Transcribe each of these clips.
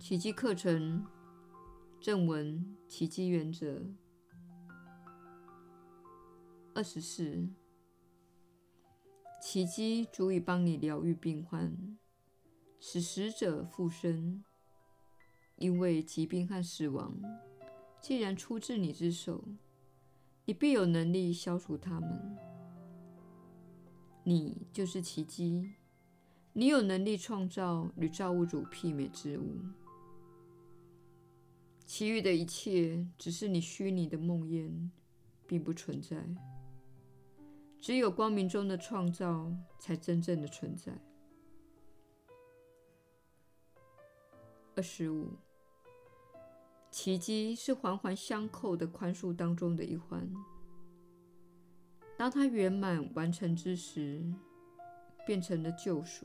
奇蹟課程正文：奇蹟原則二十四。24. 奇蹟足以幫你療癒病患，使死者復生。因為疾病和死亡既然出自你之手，你必有能力消除它們。你就是奇蹟，你有能力創造與造物主媲美之物。其餘的一切只是你虛擬的夢魘，並不存在。只有光明中的創造才真正的存在。二十五，奇蹟是環環相扣的寬恕當中的一環。當它圓滿完成之時，便成了救贖。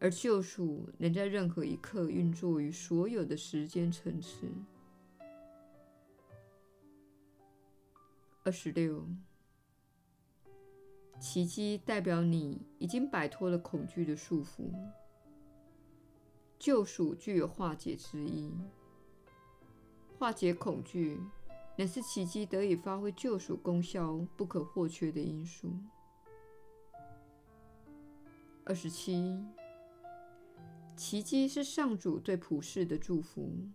而救贖能在任何一刻運作於所有的時間層次。二十六，奇蹟代表你已經擺脫了恐懼的束縛。救贖具有化解之義，化解恐懼乃是奇蹟得以發揮救贖功效不可或缺的因素。二十七。奇蹟是上主對普世的祝福，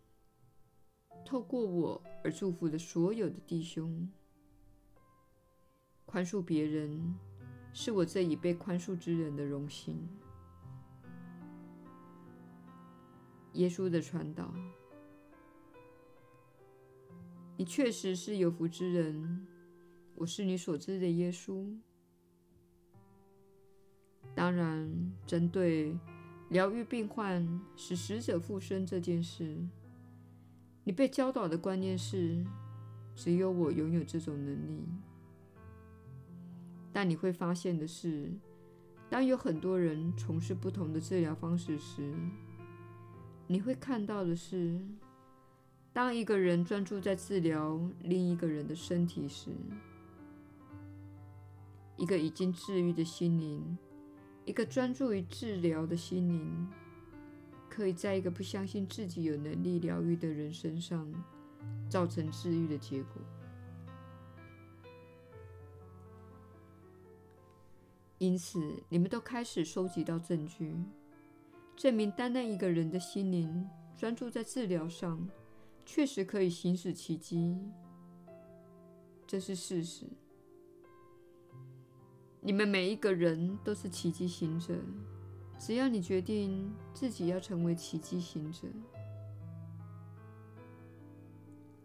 透過我而祝福的所有的弟兄。寬恕別人，是我這已被寬恕之人的榮幸。耶穌的傳導，你確實是有福之人，我是你所知的耶穌。當然，針對。療癒病患，使死者復生這件事，你被教導的觀念是，只有我擁有這種能力。但你會發現的是，當有很多人從事不同的治療方式時，你會看到的是，當一個人專注在治療另一個人的身體時，一個已經治癒的心靈。一個專注於治療的心靈，可以在一個不相信自己有能力療癒的人身上造成治癒的結果。因此，你們都開始收集到證據，證明單單一個人的心靈專注在治療上，確實可以行使奇蹟。這是事實。你們每一個人都是奇蹟行者。只要你決定自己要成為奇蹟行者，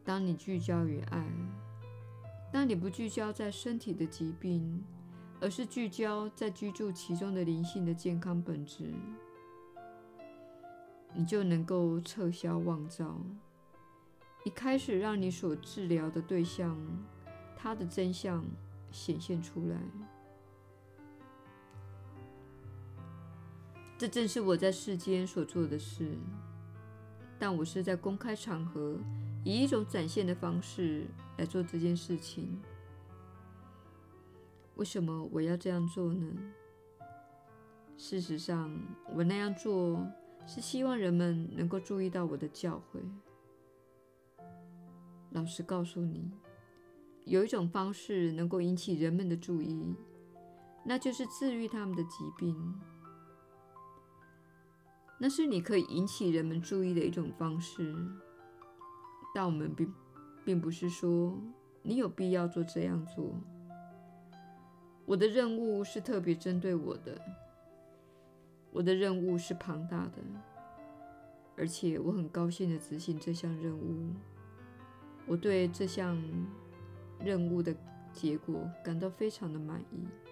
當你聚焦於愛，當你不聚焦在身體的疾病，而是聚焦在居住其中的靈性的健康本質，你就能夠撤銷妄造。你開始讓你所治療的對象，他的真相顯現出來。這正是我在世間所做的事，但我是在公開場合以一種展現的方式來做這件事情。為什麼我要這樣做呢？事實上，我那樣做是希望人們能夠注意到我的教誨。老實告訴你，有一種方式能夠引起人們的注意，那就是治癒他們的疾病。那是你可以引起人們注意的一種方式，但我們並並不是說你有必要做這樣做。我的任務是特別針對我的，我的任務是龐大的，而且我很高興地執行這項任務。我對這項任務的結果感到非常的滿意。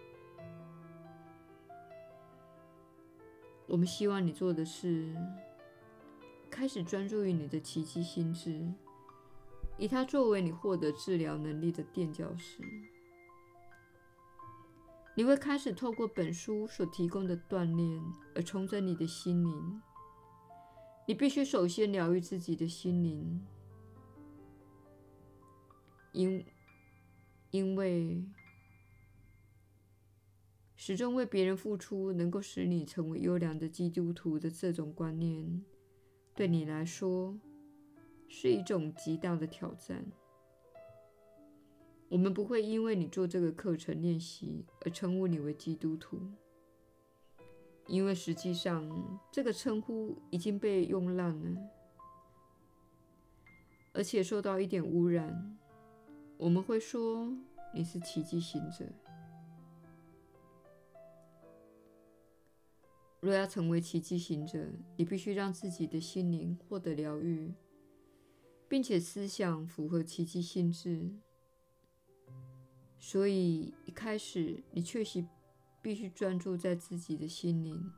我們希望你做的是，開始專注於你的奇蹟心志，以它作為你獲得治療能力的墊腳石。你會開始透過本書所提供的鍛鍊而重整你的心靈。你必須首先療癒自己的心靈，因因為。始終為別人付出，能夠使你成為優良的基督徒的這種觀念，對你來說是一種極大的挑戰。我們不會因為你做這個課程練習而稱呼你為基督徒，因為實際上這個稱呼已經被用爛了，而且受到一點污染。我們會說你是奇迹行者。若要成為奇蹟行者，你必須讓自己的心靈獲得療癒，並且思想符合奇蹟心志。所以一開始，你確實必須專注在自己的心靈；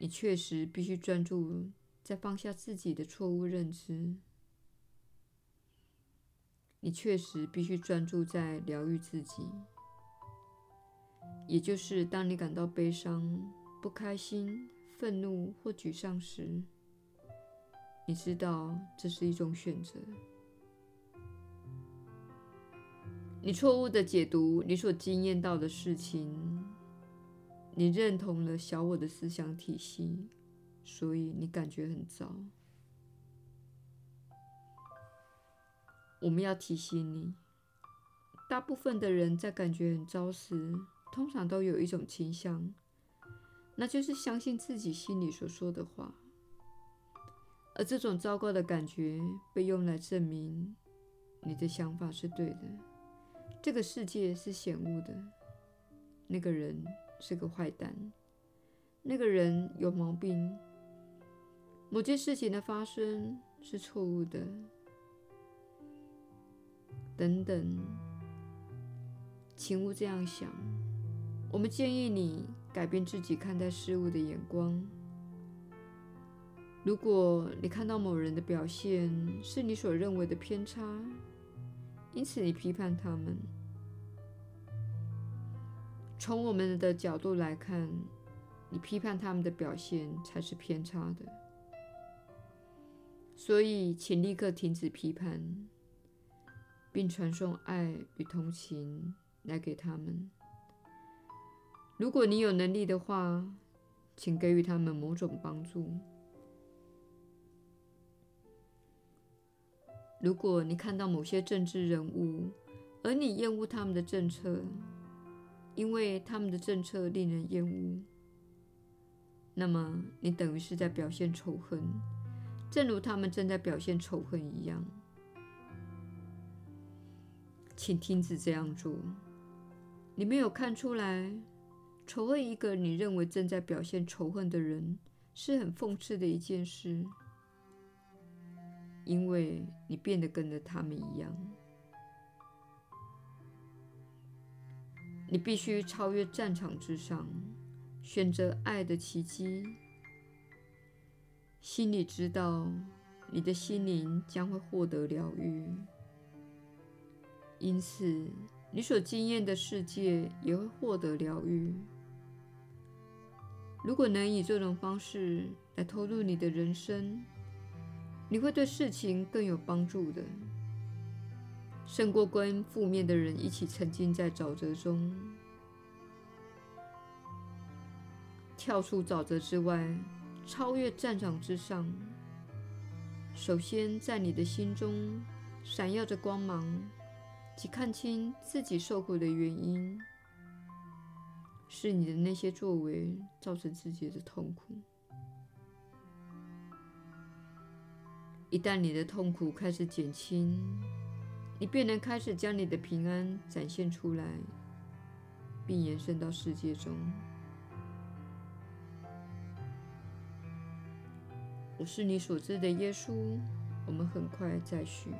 你確實必須專注在放下自己的錯誤認知；你確實必須專注在療癒自己。也就是，當你感到悲傷、不開心、憤怒或沮喪時，你知道這是一種選擇。你錯誤地解讀你所經驗到的事情，你認同了小我的思想體系，所以你感覺很糟。我們要提醒你，大部分的人在感覺很糟時，通常都有一種傾向，那就是相信自己心裡所說的話，而這種糟糕的感覺被用來證明你的想法是對的，這個世界是險惡的，那個人是個壞蛋，那個人有毛病，某件事情的發生是錯誤的，等等，請勿這樣想。我們建議你改變自己看待事物的眼光。如果你看到某人的表現是你所認為的偏差，因此你批判他們。從我們的角度來看，你批判他們的表現才是偏差的。所以，請立刻停止批判，並傳送愛與同情來給他們。如果你有能力的話，請給予他們某種幫助。如果你看到某些政治人物，而你厭惡他們的政策，因為他們的政策令人厭惡，那麼你等於是在表現仇恨，正如他們正在表現仇恨一樣。請停止這樣做。你沒有看出來？仇恨一個你認為正在表現仇恨的人是很諷刺的一件事，因為你變得跟著他們一樣。你必須超越戰場之上，選擇愛的奇蹟。心裡知道，你的心靈將會獲得療癒，因此你所經驗的世界也會獲得療癒。如果能以這種方式來投入你的人生，你會對事情更有幫助的，勝過跟負面的人一起沉浸在沼澤中，跳出沼澤之外，超越戰場之上。首先，在你的心中閃耀着光芒，及看清自己受苦的原因。是你的那些作為造成自己的痛苦。一旦你的痛苦開始減輕，你便能開始將你的平安展現出來，並延伸到世界中。我是你所知的耶穌。我們很快再續。